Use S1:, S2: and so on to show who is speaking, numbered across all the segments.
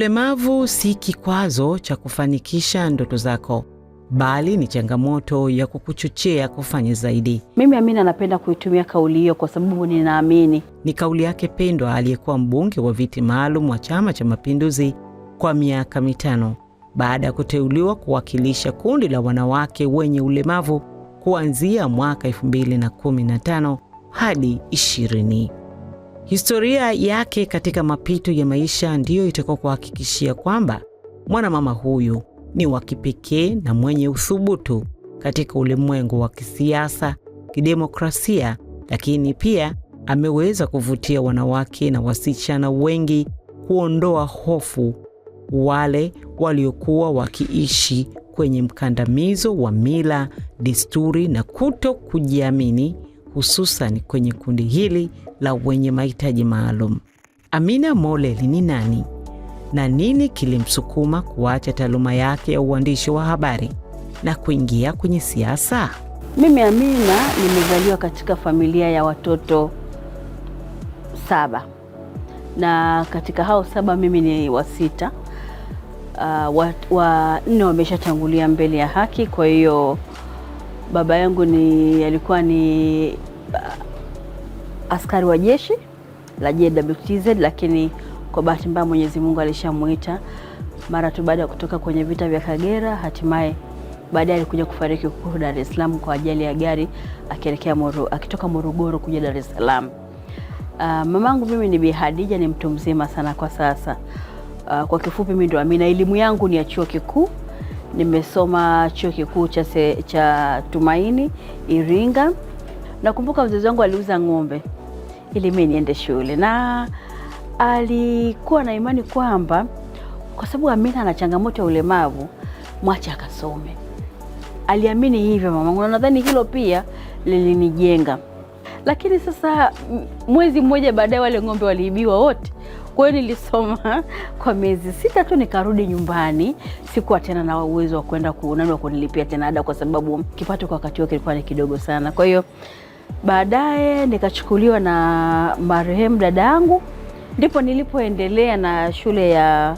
S1: Ulemavu si kikwazo cha kufanikisha ndoto zako, bali ni changamoto ya kukuchochea kufanya zaidi.
S2: Mimi Amina anapenda kuitumia kauli hiyo kwa sababu ninaamini.
S1: Ni kauli yake pendwa, aliyekuwa mbunge wa viti maalum wa Chama cha Mapinduzi kwa miaka mitano baada ya kuteuliwa kuwakilisha kundi la wanawake wenye ulemavu kuanzia mwaka 2015 hadi 20. Historia yake katika mapito ya maisha ndiyo itakuwa kuhakikishia kwamba mwanamama huyu ni wa kipekee na mwenye uthubutu katika ulimwengu wa kisiasa, kidemokrasia, lakini pia ameweza kuvutia wanawake na wasichana wengi kuondoa hofu wale waliokuwa wakiishi kwenye mkandamizo wa mila, desturi na kuto kujiamini, hususan kwenye kundi hili la wenye mahitaji maalum. Amina Mollel ni nani na nini kilimsukuma kuacha taaluma yake ya uandishi wa habari na kuingia kwenye siasa?
S2: Mimi Amina nimezaliwa katika familia ya watoto saba na katika hao saba mimi ni sita. Uh, wa, wa nne wameshatangulia mbele ya haki. Kwa hiyo baba yangu ni alikuwa ni askari wa jeshi la JWTZ, lakini kwa bahati mbaya Mwenyezi Mungu alishamuita mara tu baada ya kutoka kwenye vita vya Kagera. Hatimaye baadaye alikuja kufariki huko Dar es Salaam kwa ajali ya gari akielekea Moro, akitoka Morogoro kuja Dar es Salaam. Uh, mamangu mimi ni Bi Hadija, ni mtu mzima sana kwa sasa. Uh, kwa kifupi mimi ndo Amina. Elimu yangu ni ya chuo kikuu, nimesoma chuo kikuu cha, cha Tumaini Iringa. Nakumbuka wazazi wangu aliuza ng'ombe ili mimi niende shule, na alikuwa na imani kwamba kwa sababu Amina ana changamoto ya ulemavu, mwache akasome. Aliamini hivyo mamangu, na nadhani hilo pia lilinijenga. Lakini sasa mwezi mmoja baadaye wale ng'ombe waliibiwa wote. Kwa hiyo nilisoma kwa miezi sita tu nikarudi nyumbani. Sikuwa tena na uwezo wa kwenda kunanwa kunilipia tena ada, kwa sababu kipato kwa wakati huo kilikuwa ni kidogo sana, kwa hiyo Baadaye nikachukuliwa na marehemu dada yangu, ndipo nilipoendelea na shule ya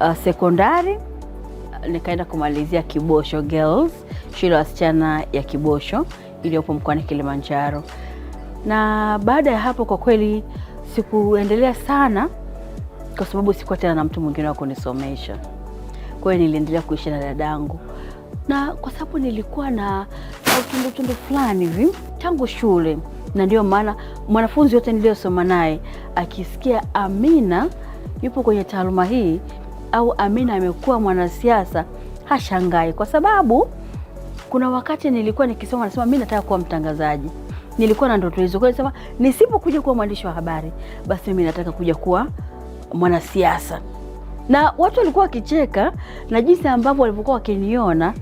S2: uh, sekondari nikaenda kumalizia Kibosho Girls, shule ya wasichana ya Kibosho iliyopo mkoani Kilimanjaro. Na baada ya hapo, kwa kweli sikuendelea sana, kwa sababu sikuwa tena na mtu mwingine wa kunisomesha. Kwa hiyo niliendelea kuishi na dadangu na kwa sababu nilikuwa na utundutundu fulani hivi tangu shule, na ndio maana mwanafunzi yote niliyosoma naye akisikia Amina yupo kwenye taaluma hii au Amina amekuwa mwanasiasa hashangai, kwa sababu kuna wakati nilikuwa nikisoma, nasema mimi nataka kuwa mtangazaji. Nilikuwa na ndoto hizo, kwa hiyo nisipokuja kuwa mwandishi wa habari, basi mimi nataka kuja kuwa mwanasiasa, na watu walikuwa wakicheka na jinsi ambavyo walivyokuwa wakiniona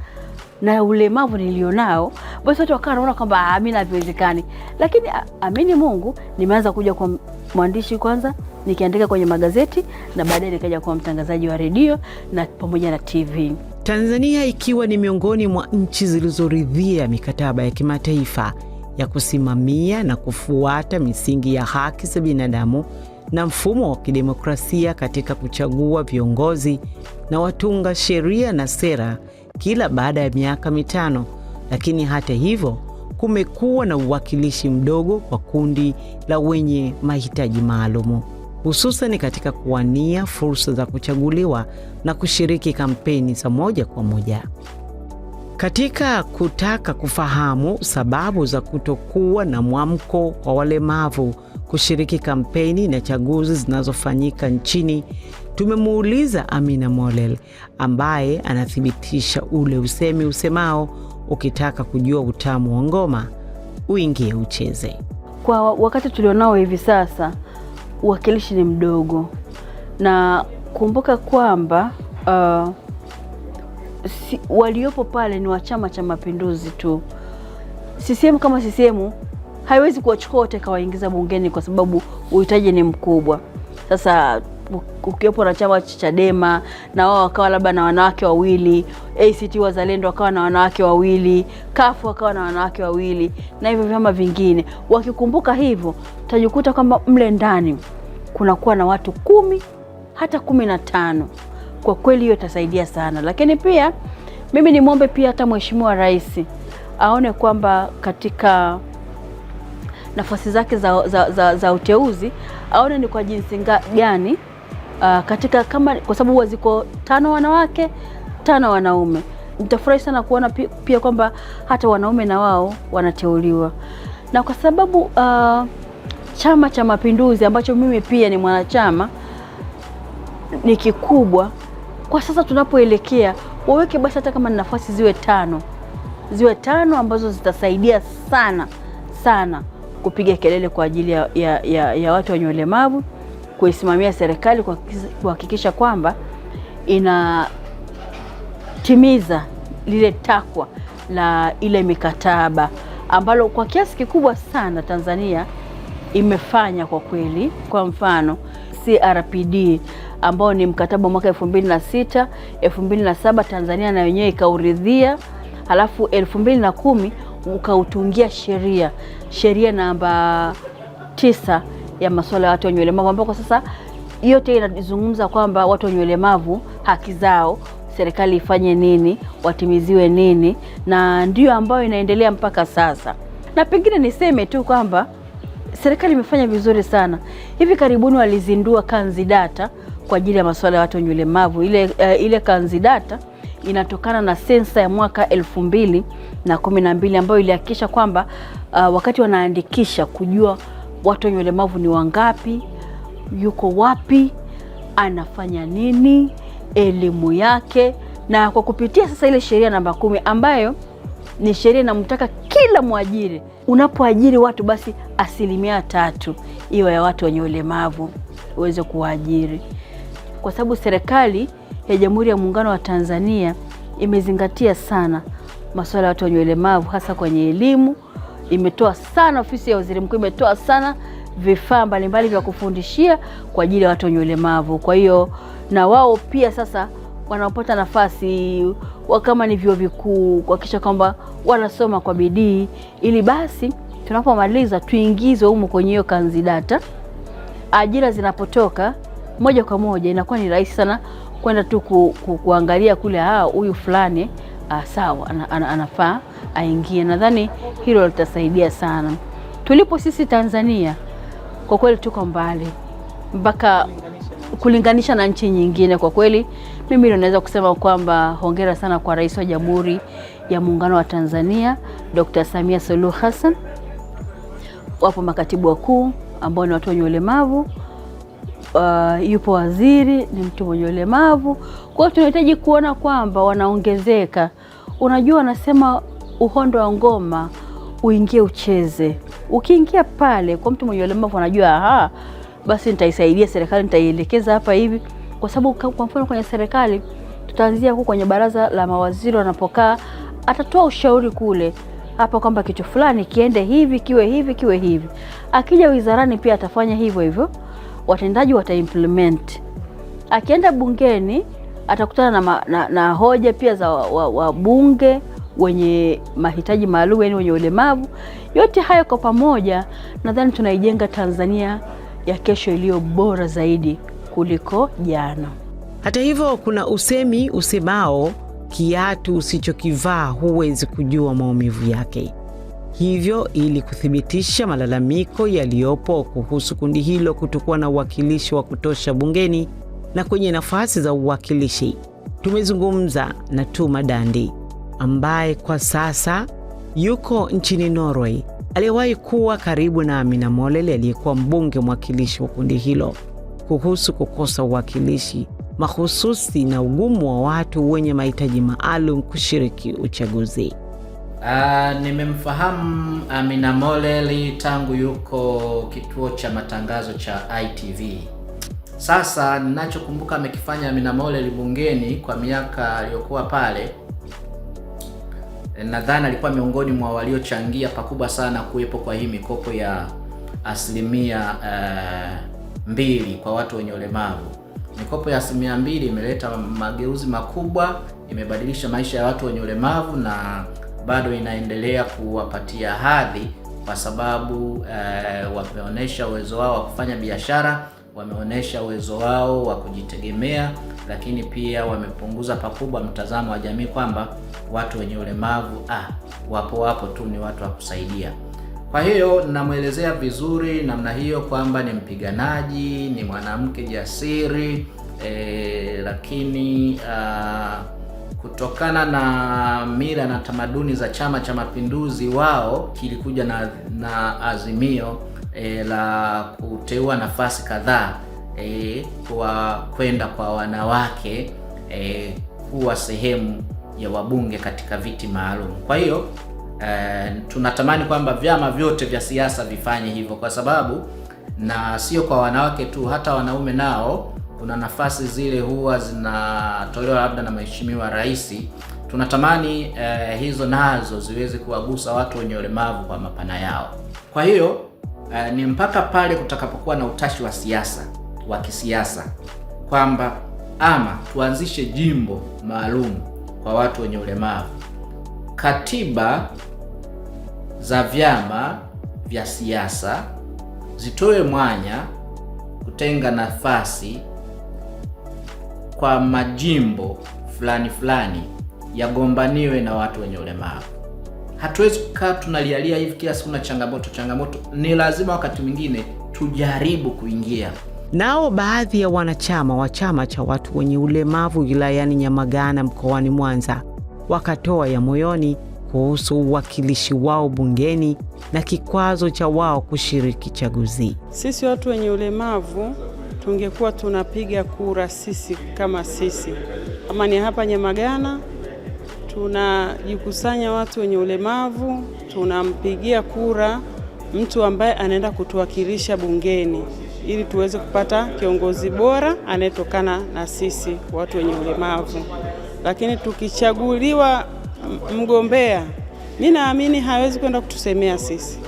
S2: na ulemavu nilionao, basi watu wakawa wanaona kwamba ah, mi haviwezekani. Lakini ah, amini Mungu, nimeanza kuja kwa mwandishi kwanza, nikiandika kwenye magazeti na baadaye nikaja kuwa mtangazaji wa redio na pamoja na TV.
S1: Tanzania ikiwa ni miongoni mwa nchi zilizoridhia mikataba ya kimataifa ya kusimamia na kufuata misingi ya haki za binadamu na mfumo wa kidemokrasia katika kuchagua viongozi na watunga sheria na sera kila baada ya miaka mitano, lakini hata hivyo kumekuwa na uwakilishi mdogo kwa kundi la wenye mahitaji maalumu, hususan katika kuwania fursa za kuchaguliwa na kushiriki kampeni za moja kwa moja. Katika kutaka kufahamu sababu za kutokuwa na mwamko wa walemavu kushiriki kampeni na chaguzi zinazofanyika nchini, Tumemuuliza Amina molel ambaye anathibitisha ule usemi usemao, ukitaka kujua utamu wa ngoma uingie ucheze.
S2: Kwa wakati tulionao hivi sasa, uwakilishi ni mdogo, na kumbuka kwamba uh, si, waliopo pale ni wa Chama cha Mapinduzi tu. sisehemu kama sisehemu haiwezi kuwachukua wote kawaingiza bungeni kwa sababu uhitaji ni mkubwa. Sasa ukiwepo na chama cha Chadema na wao wakawa labda na wanawake wawili, ACT Wazalendo wakawa na wanawake wawili, kafu wakawa na wanawake wawili, na hivyo vyama vingine. Wakikumbuka hivyo, tajikuta kwamba mle ndani kunakuwa na watu kumi hata kumi na tano. Kwa kweli hiyo itasaidia sana, lakini pia mimi nimwombe pia hata Mheshimiwa Rais aone kwamba katika nafasi zake za, za, za, za uteuzi aone ni kwa jinsi gani uh, katika kama kwa sababu huwa ziko tano wanawake tano wanaume. Nitafurahi sana kuona pia kwamba hata wanaume na wao wanateuliwa, na kwa sababu uh, Chama cha Mapinduzi ambacho mimi pia ni mwanachama ni kikubwa kwa sasa tunapoelekea, waweke basi hata kama ni nafasi ziwe tano, ziwe tano ambazo zitasaidia sana sana kupiga kelele kwa ajili ya, ya, ya, ya watu wenye ulemavu kuisimamia serikali kuhakikisha kwamba inatimiza lile takwa la ile mikataba ambalo kwa kiasi kikubwa sana Tanzania imefanya kwa kweli. Kwa mfano CRPD ambao ni mkataba mwaka 2006 2007, Tanzania na wenyewe ikauridhia, halafu 2010 ukautungia sheria sheria namba tisa ya masuala ya watu wenye ulemavu ambao sasa yote inazungumza kwamba watu wenye ulemavu haki zao, serikali ifanye nini, watimiziwe nini, na ndiyo ambayo inaendelea mpaka sasa. Na pengine niseme tu kwamba serikali imefanya vizuri sana. Hivi karibuni walizindua kanzidata kwa ajili ya masuala ya watu wenye ulemavu. Ile, uh, ile kanzidata inatokana na sensa ya mwaka elfu mbili na kumi na mbili ambayo ilihakikisha kwamba uh, wakati wanaandikisha kujua watu wenye ulemavu ni wangapi, yuko wapi, anafanya nini, elimu yake, na kwa kupitia sasa ile sheria namba kumi ambayo ni sheria inamtaka kila mwajiri, unapoajiri watu basi asilimia tatu iwe ya watu wenye ulemavu uweze kuwaajiri, kwa sababu serikali ya Jamhuri ya Muungano wa Tanzania imezingatia sana masuala ya watu wenye ulemavu hasa kwenye elimu imetoa sana, ofisi ya waziri mkuu imetoa sana vifaa mbalimbali vya kufundishia kwa ajili ya watu wenye ulemavu. Kwa hiyo na wao pia sasa wanaopata nafasi kama ni vyuo vikuu kuhakikisha kwamba wanasoma kwa bidii, ili basi tunapomaliza tuingizwe humo kwenye hiyo kanzidata. Ajira zinapotoka moja kwa moja, inakuwa ni rahisi sana kwenda tu ku, ku, kuangalia kule, ah, huyu fulani uh, sawa an, an, anafaa aingie. Nadhani hilo litasaidia sana. Tulipo sisi Tanzania kwa kweli tuko mbali mpaka kulinganisha na nchi nyingine. Kwa kweli mimi naweza kusema kwamba hongera sana kwa Rais wa Jamhuri ya Muungano wa Tanzania Dr. Samia Suluhu Hassan, wapo makatibu wakuu ambao ni watu wenye ulemavu uh, yupo waziri ni mtu mwenye ulemavu. Kwa hiyo tunahitaji kuona kwamba wanaongezeka. Unajua, wanasema uhondo wa ngoma uingie ucheze. Ukiingia pale kwa mtu mwenye ulemavu, anajua aha, basi nitaisaidia serikali, nitaielekeza hapa hivi, kwa sababu kwa mfano kwenye serikali tutaanzia huko kwenye baraza la mawaziri wanapokaa, atatoa ushauri kule hapa kwamba kitu fulani kiende hivi, kiwe hivi, kiwe hivi. Akija wizarani pia atafanya hivyo hivyo watendaji wataimplement. Akienda bungeni atakutana na, na, na hoja pia za wabunge wa, wa wenye mahitaji maalum, yani wenye ulemavu. Yote hayo kwa pamoja, nadhani tunaijenga Tanzania ya kesho iliyo bora zaidi kuliko jana.
S1: Hata hivyo, kuna usemi usemao kiatu usichokivaa huwezi kujua maumivu yake hivyo ili kuthibitisha malalamiko yaliyopo kuhusu kundi hilo kutokuwa na uwakilishi wa kutosha bungeni na kwenye nafasi za uwakilishi. Tumezungumza na Tuma Dandi ambaye kwa sasa yuko nchini Norway, aliyewahi kuwa karibu na Amina molel aliyekuwa mbunge mwakilishi wa kundi hilo kuhusu kukosa uwakilishi mahususi na ugumu wa watu wenye mahitaji maalum kushiriki uchaguzi.
S3: Uh, nimemfahamu Amina Moleli tangu yuko kituo cha matangazo cha ITV. Sasa ninachokumbuka amekifanya Amina Moleli bungeni kwa miaka aliyokuwa pale, nadhani alikuwa miongoni mwa waliochangia pakubwa sana kuwepo kwa hii mikopo ya asilimia uh, mbili kwa watu wenye ulemavu. Mikopo ya asilimia mbili imeleta mageuzi makubwa, imebadilisha maisha ya watu wenye ulemavu na bado inaendelea kuwapatia hadhi kwa sababu eh, wameonyesha uwezo wao wa kufanya biashara, wameonyesha uwezo wao wa kujitegemea, lakini pia wamepunguza pakubwa mtazamo wa jamii kwamba watu wenye ulemavu ah, wapo wapo tu, ni watu wa kusaidia. Kwa hiyo namwelezea vizuri namna hiyo kwamba ni mpiganaji, ni mwanamke jasiri eh, lakini ah, kutokana na mila na tamaduni za Chama cha Mapinduzi, wao kilikuja na, na azimio e, la kuteua nafasi kadhaa e, kwa kwenda kwa wanawake e, kuwa sehemu ya wabunge katika viti maalum. Kwa hiyo e, tunatamani kwamba vyama vyote vya siasa vifanye hivyo, kwa sababu na sio kwa wanawake tu, hata wanaume nao kuna nafasi zile huwa zinatolewa labda na mheshimiwa rais. Tunatamani eh, hizo nazo ziweze kuwagusa watu wenye ulemavu kwa mapana yao. Kwa hiyo eh, ni mpaka pale kutakapokuwa na utashi wa siasa wa kisiasa kwamba ama tuanzishe jimbo maalum kwa watu wenye ulemavu. Katiba za vyama vya siasa zitoe mwanya kutenga nafasi kwa majimbo fulani fulani yagombaniwe na watu wenye ulemavu. Hatuwezi kukaa tunalialia hivi kila siku na changamoto changamoto, ni lazima wakati mwingine tujaribu kuingia
S1: nao baadhi ya wanachama wa chama cha watu wenye ulemavu wilayani Nyamagana mkoani Mwanza wakatoa ya moyoni kuhusu uwakilishi wao bungeni na kikwazo cha wao kushiriki chaguzi.
S4: Sisi watu wenye ulemavu tungekuwa tunapiga kura sisi kama sisi. Kama ni hapa Nyamagana, tunajikusanya watu wenye ulemavu, tunampigia kura mtu ambaye anaenda kutuwakilisha bungeni ili tuweze kupata kiongozi bora anayetokana na sisi watu wenye ulemavu. Lakini tukichaguliwa mgombea, mi naamini hawezi kwenda kutusemea sisi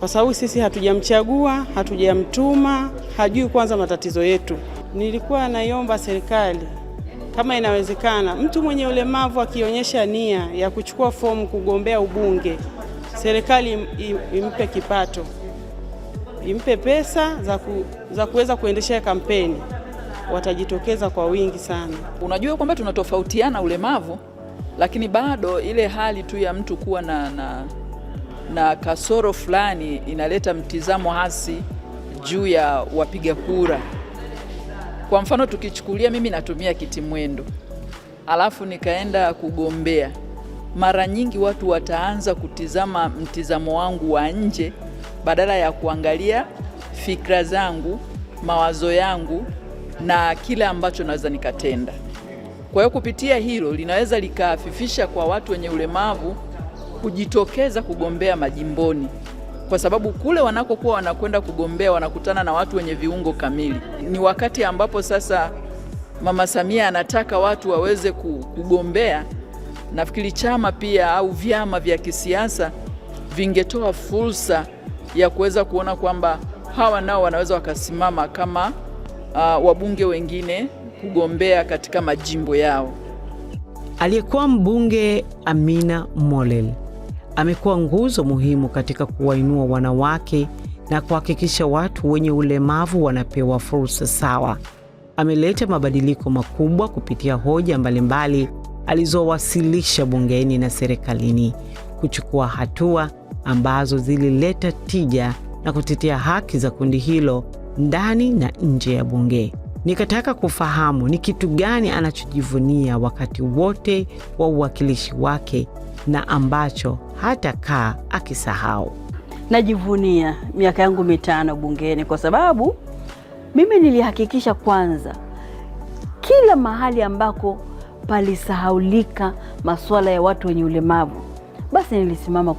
S4: kwa sababu sisi hatujamchagua, hatujamtuma, hajui kwanza matatizo yetu. Nilikuwa naiomba serikali kama inawezekana, mtu mwenye ulemavu akionyesha nia ya kuchukua fomu kugombea ubunge, serikali impe kipato, impe pesa za, ku, za kuweza kuendesha kampeni, watajitokeza kwa wingi sana.
S5: Unajua kwamba tunatofautiana ulemavu, lakini bado ile hali tu ya mtu kuwa na, na na kasoro fulani inaleta mtizamo hasi juu ya wapiga kura. Kwa mfano, tukichukulia mimi natumia kiti mwendo alafu nikaenda kugombea, mara nyingi watu wataanza kutizama mtizamo wangu wa nje badala ya kuangalia fikra zangu, mawazo yangu na kile ambacho naweza nikatenda. Kwa hiyo kupitia hilo linaweza likafifisha kwa watu wenye ulemavu kujitokeza kugombea majimboni, kwa sababu kule wanakokuwa wanakwenda kugombea wanakutana na watu wenye viungo kamili. Ni wakati ambapo sasa Mama Samia anataka watu waweze kugombea. Nafikiri chama pia au vyama vya kisiasa vingetoa fursa ya kuweza kuona kwamba hawa nao wanaweza wakasimama kama uh, wabunge wengine kugombea katika majimbo yao.
S1: Aliyekuwa mbunge Amina molel amekuwa nguzo muhimu katika kuwainua wanawake na kuhakikisha watu wenye ulemavu wanapewa fursa sawa. Ameleta mabadiliko makubwa kupitia hoja mbalimbali alizowasilisha bungeni na serikalini, kuchukua hatua ambazo zilileta tija na kutetea haki za kundi hilo ndani na nje ya bunge. Nikataka kufahamu ni kitu gani anachojivunia wakati wote wa uwakilishi wake na ambacho hata kaa akisahau.
S2: Najivunia miaka yangu mitano bungeni kwa sababu mimi nilihakikisha kwanza kila mahali ambako palisahaulika masuala ya watu wenye ulemavu, basi nilisimama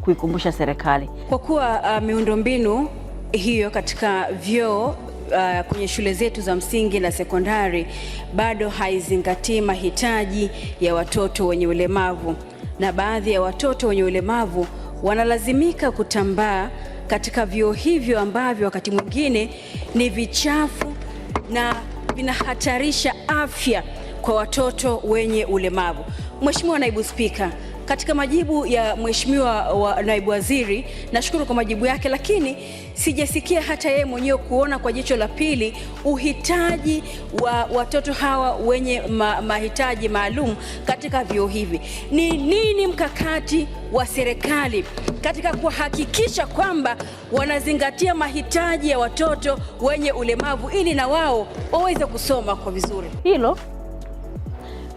S2: kuikumbusha serikali
S6: kwa kuwa uh, miundombinu hiyo katika vyoo uh, kwenye shule zetu za msingi na sekondari bado haizingatii mahitaji ya watoto wenye ulemavu, na baadhi ya watoto wenye ulemavu wanalazimika kutambaa katika vyoo hivyo ambavyo wakati mwingine ni vichafu na vinahatarisha afya kwa watoto wenye ulemavu. Mheshimiwa Naibu Spika, katika majibu ya mheshimiwa wa naibu waziri, nashukuru kwa majibu yake, lakini sijasikia hata yeye mwenyewe kuona kwa jicho la pili uhitaji wa watoto hawa wenye ma, mahitaji maalum katika vyuo hivi. Ni nini mkakati wa serikali katika kuhakikisha kwamba wanazingatia mahitaji ya watoto wenye ulemavu ili na wao waweze kusoma kwa vizuri?
S2: Hilo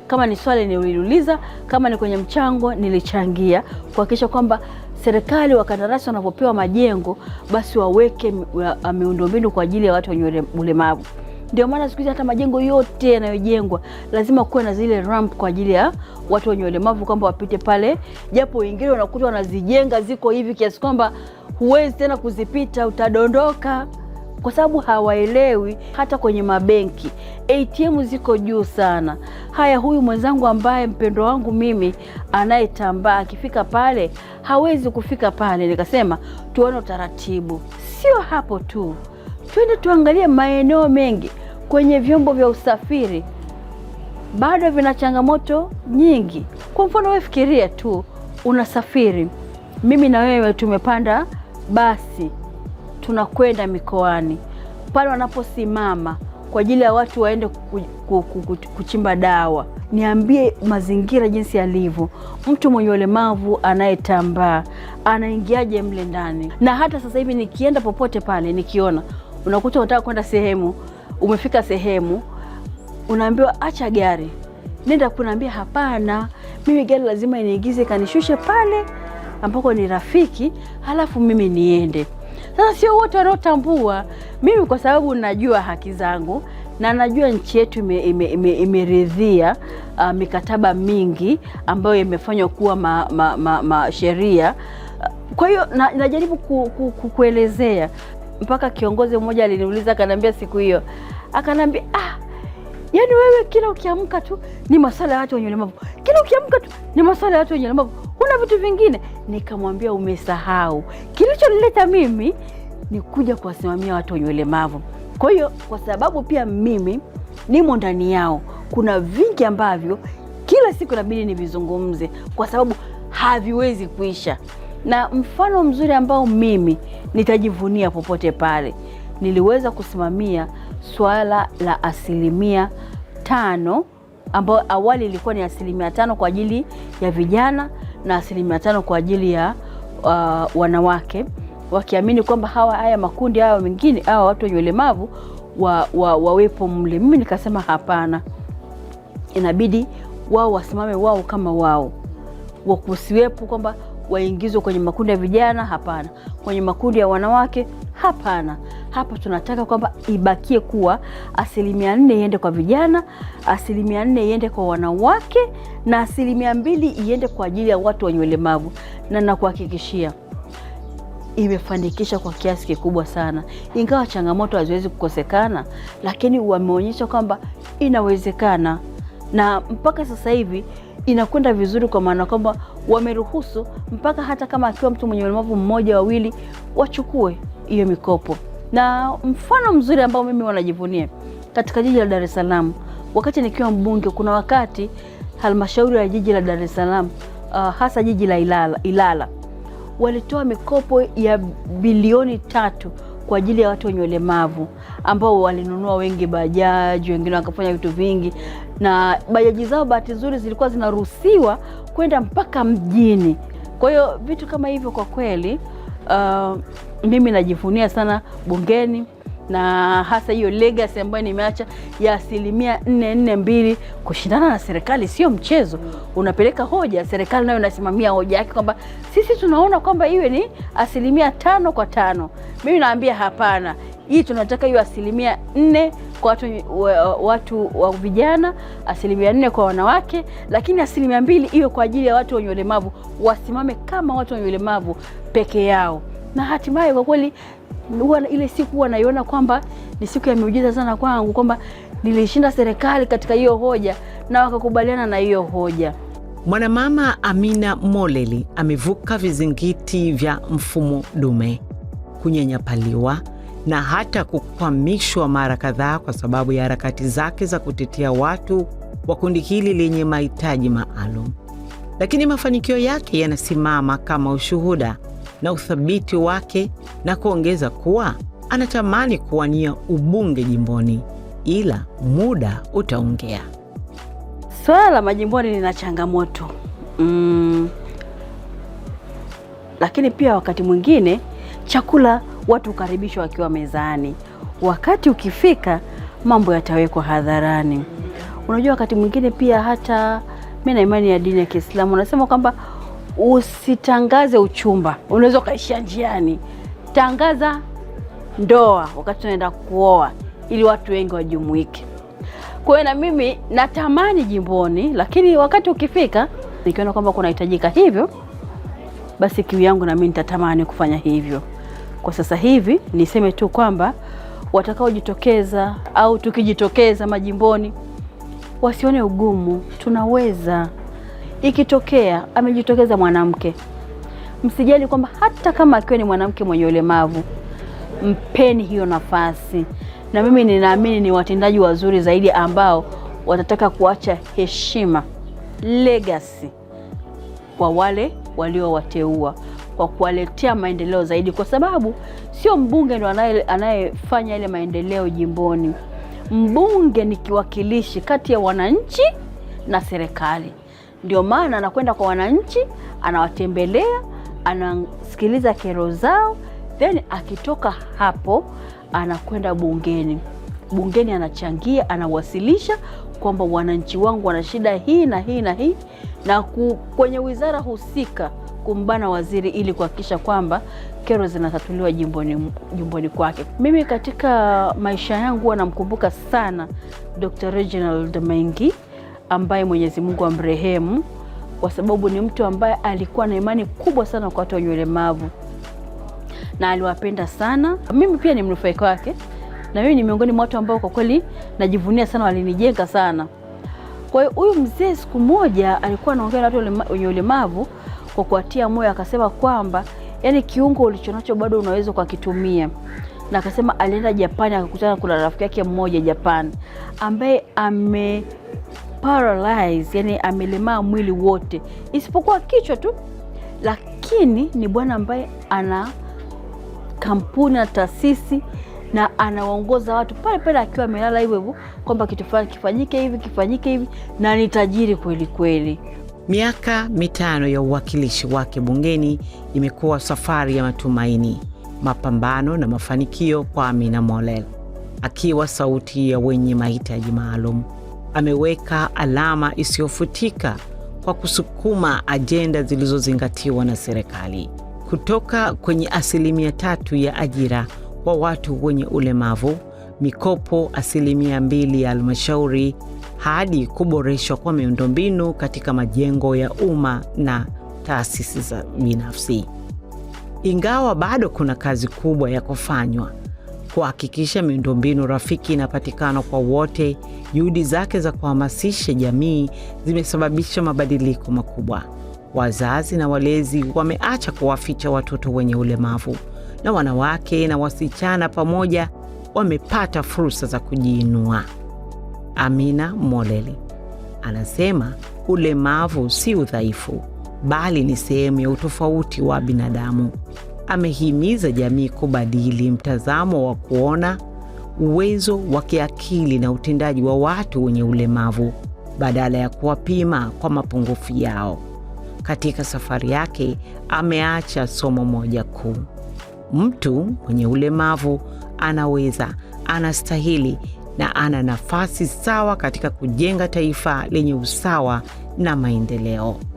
S2: kama ni swali niliuliza, kama ni kwenye mchango nilichangia kuhakikisha kwamba serikali wakandarasi wanapopewa majengo basi waweke ah, miundombinu kwa ajili ya watu wenye ulemavu. Ndio maana siku hizi hata majengo yote yanayojengwa lazima kuwe na zile ramp kwa ajili ya watu wenye ulemavu, kwamba wapite pale, japo wengine unakuta wanazijenga ziko hivi kiasi kwamba huwezi tena kuzipita, utadondoka kwa sababu hawaelewi. Hata kwenye mabenki ATM ziko juu sana. Haya, huyu mwenzangu ambaye mpendo wangu mimi anayetambaa akifika pale hawezi kufika pale. Nikasema tuone utaratibu. Sio hapo tu, twende tuangalie maeneo mengi kwenye vyombo vya usafiri bado vina changamoto nyingi. Kwa mfano, wewe fikiria tu unasafiri, mimi na wewe tumepanda basi tunakwenda mikoani pale wanaposimama kwa ajili ya watu waende kuchimba dawa. Niambie mazingira jinsi yalivyo, mtu mwenye ulemavu anayetambaa anaingiaje mle ndani? Na hata sasa hivi nikienda popote pale, nikiona unakuta unataka kwenda sehemu, umefika sehemu, unaambiwa acha gari, nenda kunaambia, hapana, mimi gari lazima iniingize, kanishushe pale ambako ni rafiki, halafu mimi niende. Sasa sio wote wanaotambua. Mimi kwa sababu najua haki zangu na najua nchi yetu imeridhia uh, mikataba mingi ambayo imefanywa kuwa ma, ma, ma, ma sheria. Uh, kwa hiyo na, najaribu ku, ku, ku, kuelezea. Mpaka kiongozi mmoja aliniuliza akaniambia, siku hiyo akaniambia ah, yani wewe kila ukiamka tu ni masuala ya watu wenye ulemavu, kila ukiamka tu ni masuala ya watu wenye ulemavu huna vitu vingine? Nikamwambia umesahau, kilichonileta mimi ni kuja kuwasimamia watu wenye ulemavu. Kwa hiyo kwa sababu pia mimi nimo ndani yao, kuna vingi ambavyo kila siku inabidi nivizungumze kwa sababu haviwezi kuisha, na mfano mzuri ambao mimi nitajivunia popote pale, niliweza kusimamia swala la asilimia tano ambayo awali ilikuwa ni asilimia tano kwa ajili ya vijana na asilimia tano kwa ajili ya uh, wanawake wakiamini kwamba hawa haya makundi hawa mengine hawa watu wenye ulemavu wa, wa, wawepo mle. Mimi nikasema hapana, inabidi wao wasimame wao kama wao, wakusiwepo kwamba waingizwe kwenye makundi ya vijana? Hapana. Kwenye makundi ya wanawake? Hapana. Hapa tunataka kwamba ibakie kuwa asilimia nne iende kwa vijana, asilimia nne iende kwa wanawake na asilimia mbili iende kwa ajili ya watu wenye ulemavu, na nakuhakikishia imefanikisha kwa kiasi kikubwa sana, ingawa changamoto haziwezi kukosekana, lakini wameonyesha kwamba inawezekana na mpaka sasa hivi inakwenda vizuri, kwa maana kwamba wameruhusu mpaka hata kama akiwa mtu mwenye ulemavu mmoja wawili wachukue hiyo mikopo. Na mfano mzuri ambao mimi wanajivunia katika jiji la Dar es Salaam, wakati nikiwa mbunge, kuna wakati halmashauri ya jiji la Dar es Salaam uh, hasa jiji la Ilala, Ilala walitoa mikopo ya bilioni tatu kwa ajili ya watu wenye ulemavu ambao walinunua wengi bajaji, wengine wakafanya vitu vingi, na bajaji zao bahati nzuri zilikuwa zinaruhusiwa kwenda mpaka mjini. Kwa hiyo vitu kama hivyo kwa kweli, uh, mimi najivunia sana bungeni na hasa hiyo legacy ambayo nimeacha ya asilimia nne nne mbili. Kushindana na serikali sio mchezo, unapeleka hoja, serikali nayo inasimamia hoja yake kwamba sisi tunaona kwamba iwe ni asilimia tano kwa tano. Mimi naambia hapana, hii tunataka hiyo asilimia nne kwa watu, watu wa vijana, asilimia nne kwa wanawake, lakini asilimia mbili hiyo kwa ajili ya watu wenye ulemavu, wasimame kama watu wenye ulemavu peke yao. Na hatimaye kwa kweli ile siku huwa naiona kwamba ni siku ya miujiza sana kwangu, kwamba nilishinda serikali katika hiyo hoja na wakakubaliana na hiyo hoja.
S1: Mwanamama Amina Moleli amevuka vizingiti vya mfumo dume, kunyanyapaliwa na hata kukwamishwa mara kadhaa kwa sababu ya harakati zake za kutetea watu wa kundi hili lenye mahitaji maalum. Lakini mafanikio yake yanasimama kama ushuhuda na uthabiti wake, na kuongeza kuwa anatamani kuwania ubunge jimboni, ila muda utaongea.
S2: Swala la majimboni lina changamoto mm, lakini pia wakati mwingine chakula watu ukaribishwa wakiwa mezani, wakati ukifika mambo yatawekwa hadharani. Unajua, wakati mwingine pia hata mi na imani ya dini ya Kiislamu unasema kwamba usitangaze uchumba, unaweza ukaishia njiani. Tangaza ndoa wakati unaenda kuoa, ili watu wengi wajumuike. Kwa hiyo na mimi natamani jimboni, lakini wakati ukifika nikiona kwamba kunahitajika hivyo, basi kiu yangu na mimi nitatamani kufanya hivyo. Kwa sasa hivi niseme tu kwamba watakaojitokeza au tukijitokeza majimboni wasione ugumu, tunaweza. Ikitokea amejitokeza mwanamke, msijali kwamba hata kama akiwa ni mwanamke mwenye ulemavu, mpeni hiyo nafasi, na mimi ninaamini ni watendaji wazuri zaidi ambao watataka kuacha heshima, legacy kwa wale waliowateua kwa kuwaletea maendeleo zaidi, kwa sababu sio mbunge ndo anayefanya ile maendeleo jimboni. Mbunge ni kiwakilishi kati ya wananchi na serikali, ndio maana anakwenda kwa wananchi, anawatembelea, anasikiliza kero zao, then akitoka hapo anakwenda bungeni. Bungeni anachangia, anawasilisha kwamba wananchi wangu wana shida hii na hii na hii, na kwenye wizara husika kumbana waziri ili kuhakikisha kwamba kero zinatatuliwa jimboni, jimboni kwake. Mimi katika maisha yangu huwa namkumbuka sana Dr. Reginald Mengi ambaye Mwenyezi Mungu amrehemu, kwa sababu ni mtu ambaye alikuwa na imani kubwa sana kwa watu wenye ulemavu na aliwapenda sana. Mimi pia ni mnufaika wake, na mimi ni miongoni mwa watu ambao kwa kweli najivunia sana, walinijenga sana. Kwa hiyo huyu mzee siku moja alikuwa anaongea na watu wenye ulemavu kwa kuatia moyo, akasema kwamba yani kiungo ulichonacho bado unaweza ukakitumia, na akasema alienda Japani akakutana, kuna rafiki yake mmoja Japani ambaye ame paralyze, yani amelemaa mwili wote isipokuwa kichwa tu, lakini ni bwana ambaye ana kampuni na taasisi na anawaongoza watu pale pale akiwa amelala hivyo hivyo, kwamba kitu fulani kifanyike hivi kifanyike hivi, na ni tajiri kweli kweli.
S1: Miaka mitano ya uwakilishi wake bungeni imekuwa safari ya matumaini, mapambano na mafanikio kwa Amina Mollel. Akiwa sauti ya wenye mahitaji maalum, ameweka alama isiyofutika kwa kusukuma ajenda zilizozingatiwa na serikali. Kutoka kwenye asilimia tatu ya ajira kwa watu wenye ulemavu, mikopo asilimia mbili ya halmashauri hadi kuboreshwa kwa miundombinu katika majengo ya umma na taasisi za binafsi. Ingawa bado kuna kazi kubwa ya kufanywa kuhakikisha miundombinu rafiki inapatikana kwa wote, juhudi zake za kuhamasisha jamii zimesababisha mabadiliko makubwa. Wazazi na walezi wameacha kuwaficha watoto wenye ulemavu na wanawake na wasichana pamoja wamepata fursa za kujiinua. Amina Moleli anasema ulemavu si udhaifu, bali ni sehemu ya utofauti wa binadamu. Amehimiza jamii kubadili mtazamo wa kuona uwezo wa kiakili na utendaji wa watu wenye ulemavu badala ya kuwapima kwa mapungufu yao. Katika safari yake ameacha somo moja kuu: mtu mwenye ulemavu anaweza, anastahili na ana nafasi sawa katika kujenga taifa lenye usawa na maendeleo.